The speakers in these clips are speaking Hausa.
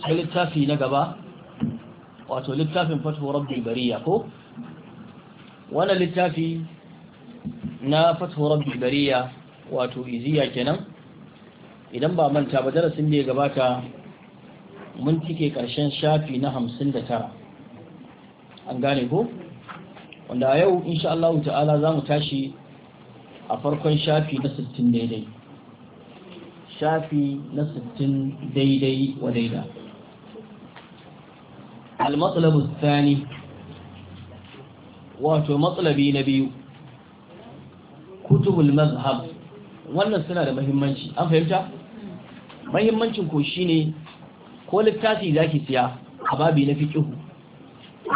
sai littafi na gaba wato littafin fatuhu rabbil bariya ko wannan littafi na fatuhu rabbil bariya wato iziya kenan idan ba manta ba darasin da ya gabata mun cike karshen shafi na 59 an gane ko wanda a yau insha Allah ta'ala za mu tashi a farkon shafi na 60 daidai shafi na 60 daidai wa daidai المطلب الثاني wato matsalabi na biyu kutubul mazhab wannan suna da mahimmanci an fahimta mahimmancin ko shine ko littafi zaki siya a babi na fiqh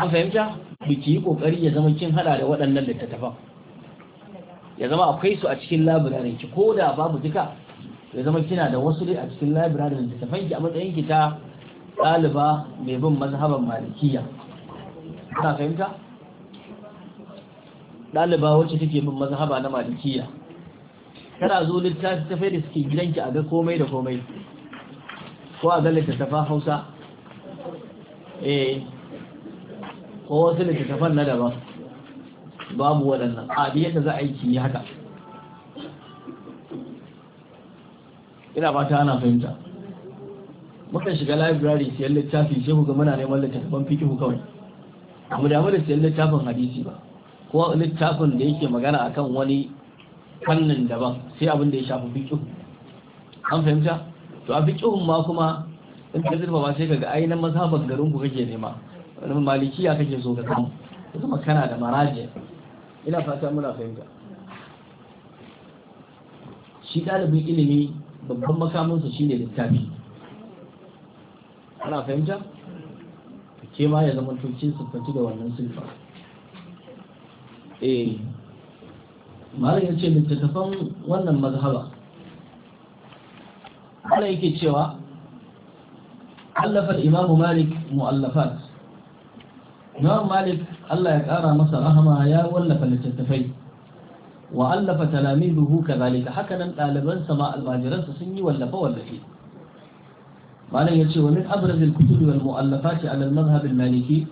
an fahimta biki kokari ya zama kin hada da waɗannan littattafan ya zama akwai su a cikin library ki koda babu duka ya zama kina da wasu dai a cikin library littattafan ki a matsayin ki ta ɗaliba mai bin mazhaban malikiya ta fahimta? ɗaliba wacce take bin mazhaba na malikiya tana zo littafi tafai da suke gidanki a ga komai da komai ko a ga littattafa hausa eh ko wasu littattafan na daban babu waɗannan a yadda za a yi ki haka ina fata ana fahimta mukan shiga library siyan littafi sai ku ga muna neman littattafan fikihu kawai mu da da siyan littafin hadisi ba ko littafin da yake magana akan wani fannin daban sai abin da ya shafi fikihu an fahimta to a fikihun ma kuma in ka zurfa ba sai ka ga ainihin mazhaban garin ku kake nema wani malikiya kake so ka samu ka zama kana da maraje ina fata muna fahimta shi ɗalibin ilimi babban makamansa shine littafi ana fahimta ke ma ya zama tokin siffatu da wannan siffa eh malam ya ce littattafan wannan mazhaba malam yake cewa Allafar imam malik mu'allafat imam malik Allah ya kara masa rahama ya wallafa littattafai wa allafa talamizuhu kadhalika hakanan ɗalibansa ma albajiransa sun yi wallafa wallafe malam yace wa min abrazil kutub wal mu'allafati ala al-madhhab al-maliki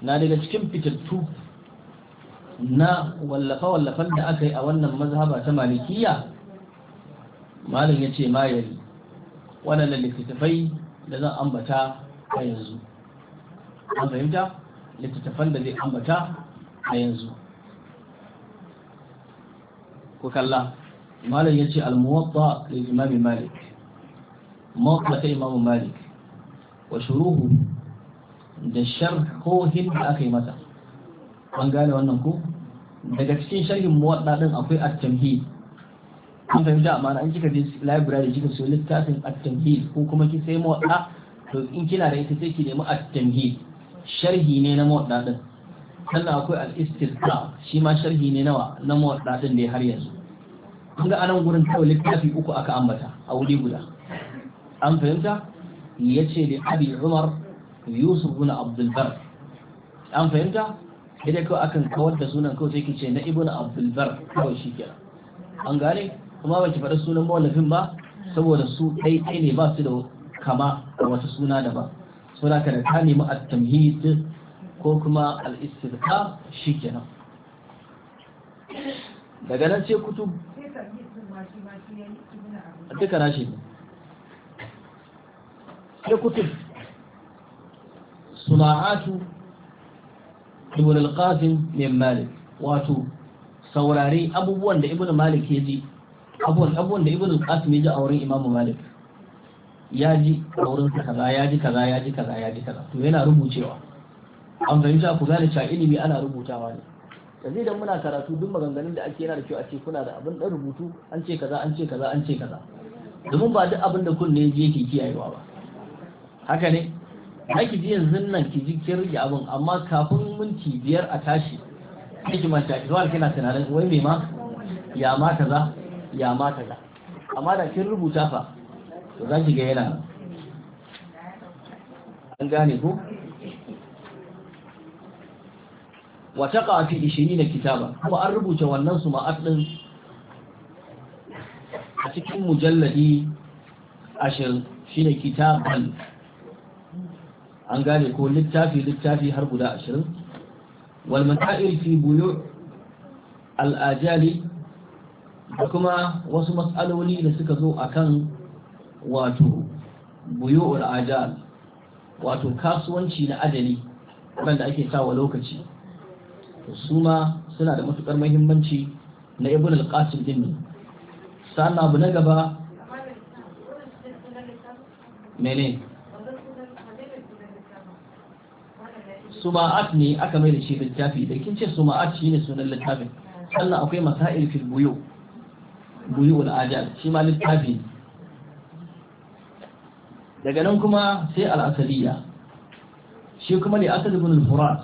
na daga cikin fitattu na wallafa wallafan da aka yi a wannan mazhaba ta malikiya malam yace ma yari waɗannan littattafai da zan ambata a yanzu an fahimta littattafan da zai ambata a yanzu ku kalla malam yace al-muwatta lil imam malik موقف الإمام مالك وشروه da sharhohin da aka yi mata an gane wannan ko daga cikin sharhin muwadda din akwai at-tamhid an fahimta amma an kika je library kika so littafin at-tamhid ko kuma ki sai muwadda to in kina da ita sai ki nemi at-tamhid sharhi ne na muwadda din sannan akwai al-istisqa shi ma sharhi ne nawa na muwadda din da har yanzu kun ga anan gurin kawai littafi uku aka ambata a wuri guda an fahimta ya ce da abi umar yusuf bin abdulbar an fahimta idan kawai akan kawar da sunan kawai sai ki ce na ibn abdulbar kawai shi kenan an gane kuma ba ki faɗi sunan mawallafin ba saboda su ɗai ɗai ne ba su da kama da wata suna da ba suna ka da ta nemi at-tamhid ko kuma al-istidqa shikenan daga nan sai kutub duka na shi ne sai kutub suna'atu ibn al-qasim min malik wato saurari abubuwan da ibn malik ya ji abubuwan da ibn al-qasim ya ji a wurin imam kaza ya ji kaza ya ji kaza ya kaza to yana rubucewa an fahimta ku gane cewa ilimi ana rubutawa ne yanzu idan muna karatu duk maganganun da ake yana da kyau a ce kuna da abin dan rubutu an ce kaza an ce kaza an ce kaza domin ba duk abin da kunne je yake kiyayewa ba haka ne aiki ji yanzu nan ki ji kin rige abin amma kafin minti biyar a tashi aiki ma tashi zuwa kina tunanin wai me ma ya ma kaza ya ma kaza amma da kin rubuta fa to za ki ga yana an gane ko wa taqa fi 20 kitaba kuma an rubuta wannan su ma'at din a cikin mujalladi ashir shine kitaban an gane ko littafi littafi har guda ashirin wal fi buyu al'ajali da kuma wasu matsaloli da suka zo a kan, wato buyu al'ajal wato kasuwanci na adali wanda ake sawa lokaci su ma suna da matukar mahimmanci na ibn al-qasim din ne sannan abu na gaba mene suma'at ne aka mai da shi littafi da kin ce suma'at shine sunan littafin sannan akwai masail fil buyu buyu al ajal shi ma littafi daga nan kuma sai al'asaliya. shi kuma ne asad ibn al furat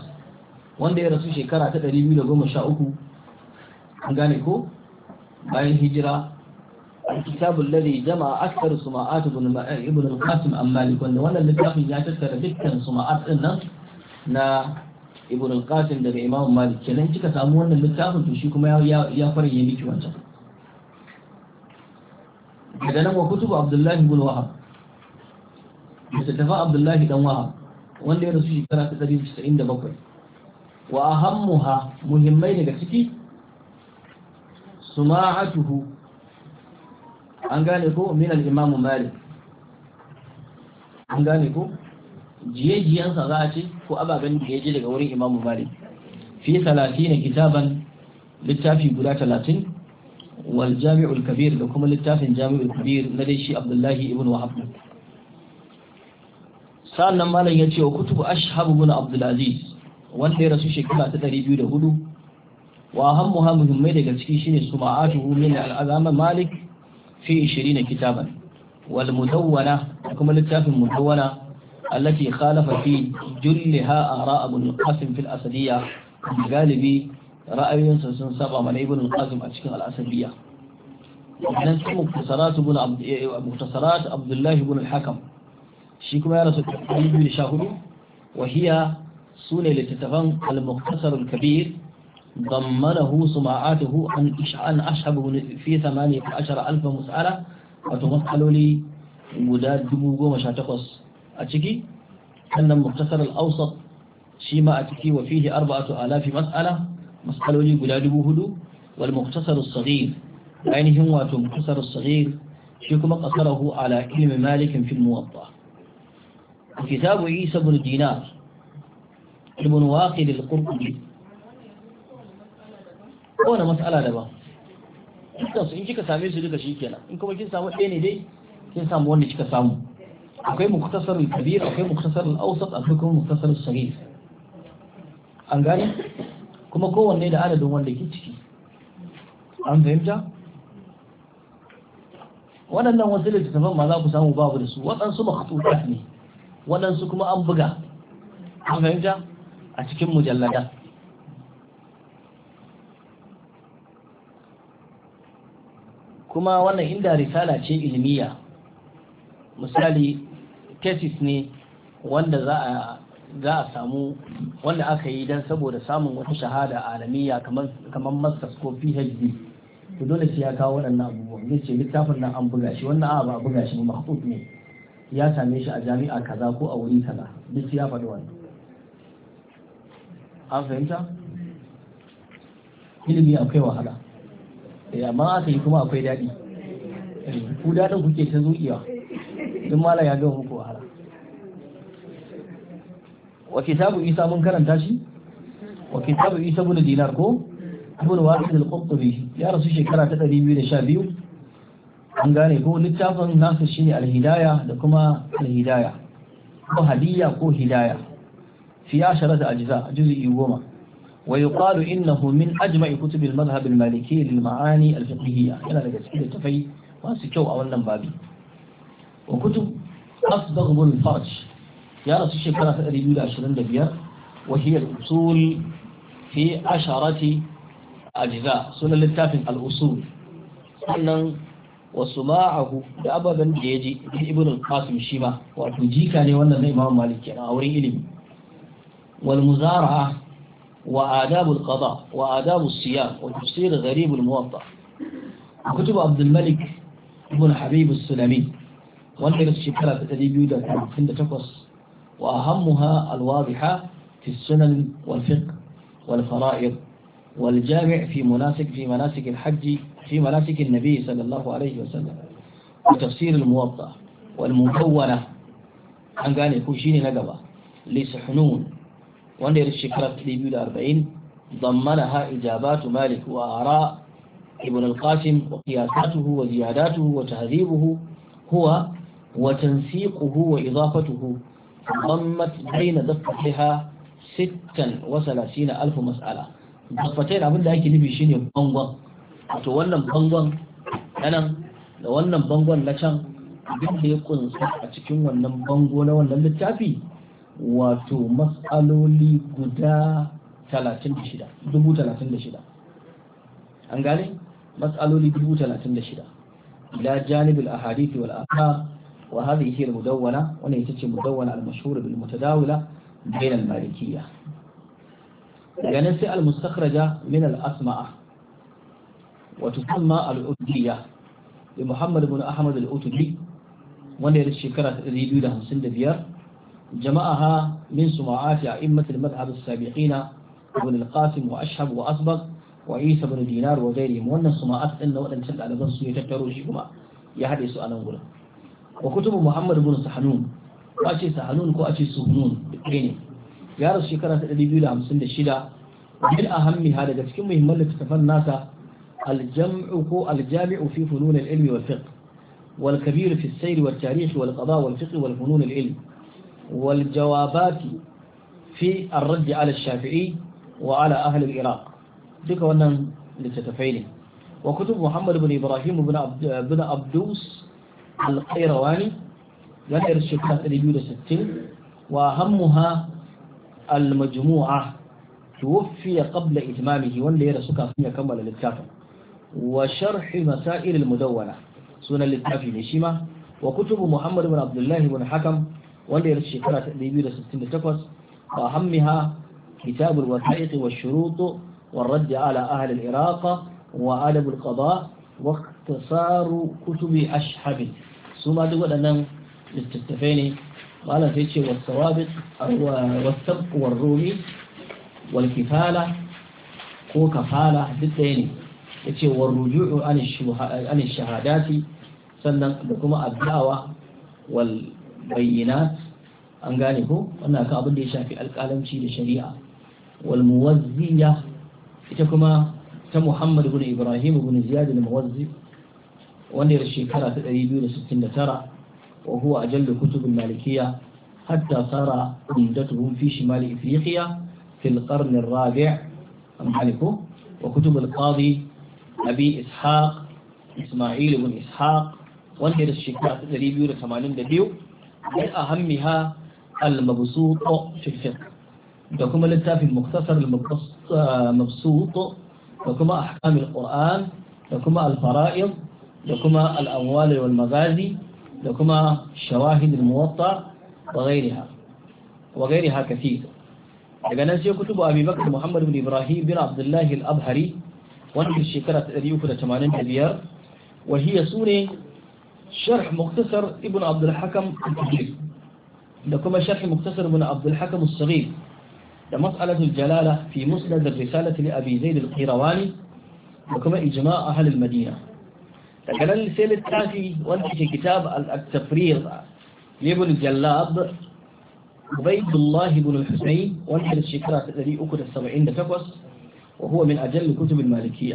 wanda ya rasu shekara ta 213 an gane ko bayan hijira الكتاب الذي جمع أكثر سماعات ابن القاسم أم مالك وأن الكتاب يتذكر ذكر سماعات النصر na ibn al-qasim daga imam malik kenan kika samu wannan littafin to shi kuma ya ya fara yin miki wancan daga nan wa kutubu abdullah ibn wahab littafin abdullah dan wahab wanda ya rasu shekara ta 97 wa ahammuha muhimmai daga ciki suma'atuhu an gane ko min al-imam malik an gane ko jiye-jiyensa za a ce ko ababen da ya ji daga wurin imamu malik fi talatin kitaban littafi guda talatin wal jami'ul kabir da kuma littafin jami'ul kabir na dai shi abdullahi ibn wahab sa'an nan malam ya ce wa kutubu ashhabu bin abdulaziz wanda ya rasu shekara ta ɗari biyu da hudu wa hammuha muhimmai daga ciki shine ma'atu min al'azama malik fi 20 kitaban wal mudawwana kuma littafin mudawwana التي خالف في جلها آراء ابن القاسم في الأسدية galibi ra'ayoyinsa sun saba mana ibn al-qasim a cikin al-asabiyya nan su muktasarat ibn muktasarat abdullah ibn al-hakam shi kuma ya rasu 2014 wa hiya sune littattafan al kabir ضمنه سماعاته عن عن أشهب في ثمانية عشر ألف مسألة وتمثل لي مداد دبوغو مشاتقص أتكي أن المختصر الأوسط شيما أتكي وفيه أربعة آلاف مسألة مسألة جلالب بوهدو والمختصر الصغير عينه هو المختصر الصغير شكما قصره على كلم مالك في الموضع كتاب عيسى بن دينار ابن واقل القرطبي هنا مسألة لبا إن كنت سامي سيدك شيكينا إن كنت سامي ديني دي كنت سامي وني كنت سامي akwai muktasar kabir akwai muktasar al-awsat akwai kuma muktasar sahih an gane kuma kowanne da adadin wanda ke ciki an fahimta waɗannan wasu littattafan ma za ku samu babu da su waɗansu makhtutat ne waɗansu kuma an buga an fahimta a cikin mujallada kuma wannan inda risala ce ilmiya misali cases ne wanda za a za a samu wanda aka yi don saboda samun wata shahada alamiya kamar masters ko phd to dole sai ya kawo waɗannan abubuwan ya ce littafin nan an buga shi wannan a ba buga shi ba mahfud ne ya same shi a jami'a kaza ko a wuri kaza duk ya faɗi wannan an fahimta ilimi akwai wahala eh, amma aka yi kuma akwai daɗi eh, ku daɗin kuke ta zuƙiya duk malam ya gama wa kitabu isa mun karanta shi wa kitabu isa ibn dinar ko ibn wasil al-qutbi ya rasu shekara ta 212 an gane ko littafin nasu shi ne al-hidaya da kuma al-hidaya ko hadiya ko hidaya fi asharat ajza juz'i goma wa yuqalu innahu min ajma'i kutub al-madhhab al-maliki lil-ma'ani al-fiqhiyya yana daga cikin tafai masu kyau a wannan babi wa kutub أصدق من الفرج ya rasu shekara ta 225 wahiyar usul fi asharati ajiza sunan littafin al'usul sannan wasu ma'ahu da ababen da ya ji ibn al-qasim shi ma wato jika ne wannan na imam malik kenan a wurin ilimi wal muzara wa adabul qada wa adabus siyam wa tafsir gharib al muwatta kutub abd malik ibn habib sulami wanda ya shekara ta وأهمها الواضحة في السنن والفقه والفرائض والجامع في مناسك في مناسك الحج في مناسك النبي صلى الله عليه وسلم وتفسير الموطأ والمكونة عن قال يكون شيني نقبة لسحنون lisahnun الشكرة ya shekara ضمنها إجابات مالك وآراء ابن القاسم وقياساته وزياداته وتهذيبه هو وتنسيقه وإضافته ضمت بين ضفتها ستا وثلاثين ألف مسألة ضفتين abin da ake nufi shine bangon wato wannan bangon nan da wannan bangon na can duk da ya kunsa a cikin wannan bango na wannan littafi wato matsaloli guda 36 an gane matsaloli 36 ila janibul ahadith wal akhar wa hadhihi hiya al-mudawwana wannan ita ce mudawwana al-mashhura bil mutadawila bain al-malikiyya daga nan sai al-mustakhraja min al-asma'a wa tusamma al-udiyya li Muhammad ibn Ahmad al-Utbi wanda ya shekara 255 جمعها من سماعات أئمة المذهب السابقين ابن القاسم وأشهب وأسبق وعيسى بن دينار وغيرهم وأن السماعات أن وأن تلقى لبنسو يتكتروا شيكما يحدث أنا أقول wa kutubu muhammad ibn sahanun ko a ce sahanun ko a ce suhunun ɗaya ne ya rasu shekara ta 256 a ahammiha daga cikin muhimman littattafan nasa aljam'u ko aljami'u fi funun al-ilmi wal fiqh wal kabir fi as-sayr wal tarikh wal qada wal fiqh wal funun al-ilm wal jawabat fi ar-radd ala ash-shafi'i wa ala ahli al-iraq duka wannan littattafai ne wa kutub muhammad ibn ibrahim ibn abdus alƙairawani ya ɗayar shekara 260 wa hammuha almajmu'a tuwaffiya qabla itmamihi wanda ya rasu kafin ya kammala littafin wa sharhi masail almudawwana sunan littafi ne shi ma wa kutubu muhammad ibn abdullah ibn hakam wanda ya rasu shekara 268 wa hammiha kitab alwasaiq wa shurut wa radd ala ahli aliraq wa adab alqada wa اختصار كتب أشحب su ma duk waɗannan littattafai ne malam sai ce wasawabit wasabq warrumi wal kifala ko kafala duk ɗaya ne ya yace warruju'u anin shahadati sannan da kuma addawa wal bayyana an gane ko wannan ka abin da ya shafi alƙalanci da shari'a wal muwazziya ita kuma ta Muhammad ibn Ibrahim ibn Ziyad al-Muwazzi ونير الشيكرة shekara ستين ترى وهو أجل كتب المالكية حتى صار عمدتهم في شمال إفريقيا في القرن الرابع أمحلكه وكتب القاضي أبي إسحاق إسماعيل بن إسحاق ونير الشيكرة تدريبيو ثمانين دبيو من أهمها المبسوط في الفقه وكما في المختصر المبسوط آه، وكما أحكام القرآن وكما الفرائض da kuma al'amwali wal magazi da kuma shawahid al-muwatta wa ghairiha wa ghairiha kathir daga nan sai kutubu Abi Bakr Muhammad ibn Ibrahim bin abdullahi al-Abhari wanda shekara ta 385 wa hiya sune sharh muktasar ibn Abd al kabir da kuma sharh muktasar ibn Abd al-Hakam da mas'alatul jalala fi musnad ar-risalati li Abi Zaid al-Qirawani da kuma ijma' ahli al-Madina daga nan sai littafi wanda ke kitab al-tafrir ibn jallab ubaydullah ibn husayn wanda da shekara ta 378 wa huwa min ajall kutub al-malikiyya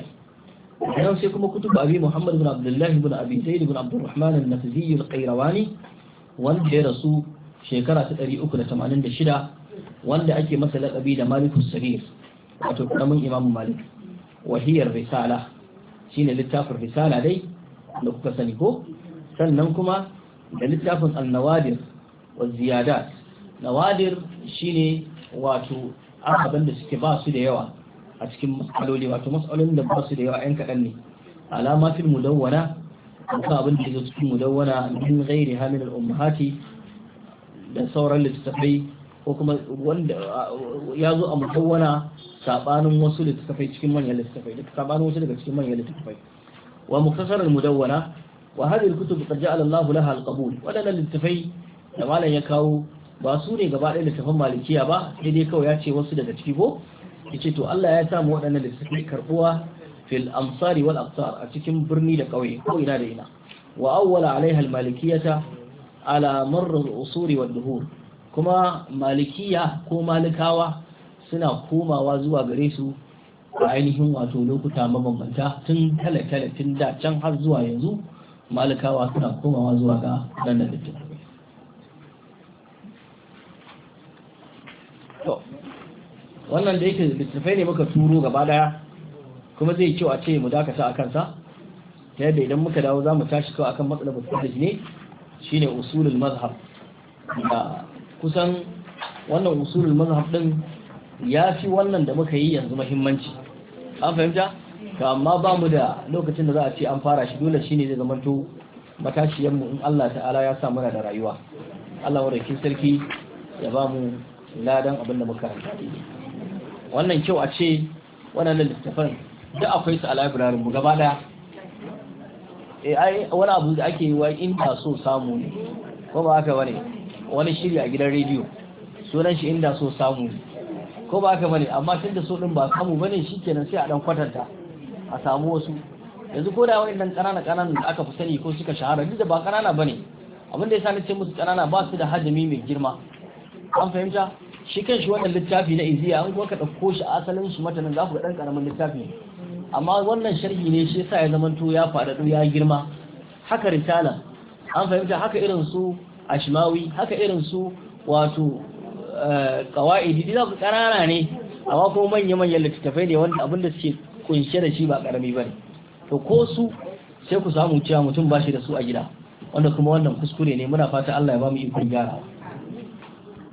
daga sai kuma kutub abi muhammad ibn abdullah ibn abi zaid ibn abd al-rahman al-nafzi al-qayrawani wanda ya rasu shekara ta 386 wanda ake masa laƙabi da malikus sarir wato karamin imam malik wahiyar risala shine littafin risala dai da kuka sani ko sannan kuma da littafin annawadir wa ziyadat nawadir shine wato abin da suke ba su da yawa a cikin matsaloli wato matsalolin da ba su da yawa 'yan kaɗan ne alama fil mudawwana ko abin da yake cikin mudawwana min ghairi hamil al ummahati da sauran littattafai ko kuma wanda ya zo a mutawwana sabanin wasu littattafai cikin manyan littattafai da sabanin wasu daga cikin manyan littattafai ومختصر المدونة وهذه الكتب قد جعل الله لها القبول ولنا للتفي لما لن يكاو باسوني قبال إلى تفهم مالكية با إذي كو ياتي وصل تكيبو يتيتو ألا يتام وأننا للتفي كربوها في الأمصار والأقطار أتكم برني لقوي قوينا لينا وأول عليها المالكية على مر الأصول والدهور كما مالكية كما لكاوة سنة كوما وزوى غريسو a ainihin wato lokuta mabambanta tun tale-tale tun da can har zuwa yanzu malikawa suna komawa zuwa ga ranar litinin wannan da yake littattafai ne muka turo gaba daya kuma zai kyau a ce mu dakata a kansa ta yadda idan muka dawo za mu tashi kawai akan matsalar fadis ne shine usulul mazhab da kusan wannan usulul mazhab din ya fi wannan da muka yi yanzu mahimmanci an fahimta to amma ba mu da lokacin da za a ce an fara shi dole shine zai to matashiyan mu in Allah ta'ala ya sa muna da rayuwa Allah rakin sarki ya ba mu ladan abin da muka karanta wannan kyau a ce wannan littafin da akwai su a library mu gaba daya eh ai wani abu da ake yi wa ta so samu ne ko ba haka bane wani shiri a gidan rediyo sunan shi inda so samu ne ko ba ka bane amma tun da so din ba samu bane shikenan sai a dan kwatanta a samu wasu yanzu ko da waɗannan ƙanana ƙananan da aka fi sani ko suka shahara duk da ba ƙanana bane abin da yasa na ce musu ƙanana ba su da hadami mai girma an fahimta shi kanshi wannan littafi na iziya an kuma ka ɗauko shi asalin shi matanin za ku ga ɗan ƙaramin littafi amma wannan sharhi ne shi yasa ya zamanto ya faɗaɗo ya girma haka risala an fahimta haka irin su ashmawi haka irin su wato kawa'idi eh, za ku ne amma ko manya-manyan littattafai ne wanda da suke kunshe da shi ba karami ba to ko su sai ku samu cewa mutum ba shi da su a gida wanda kuma wannan kuskure ne muna fata Allah ya ba mu ikon gyarawa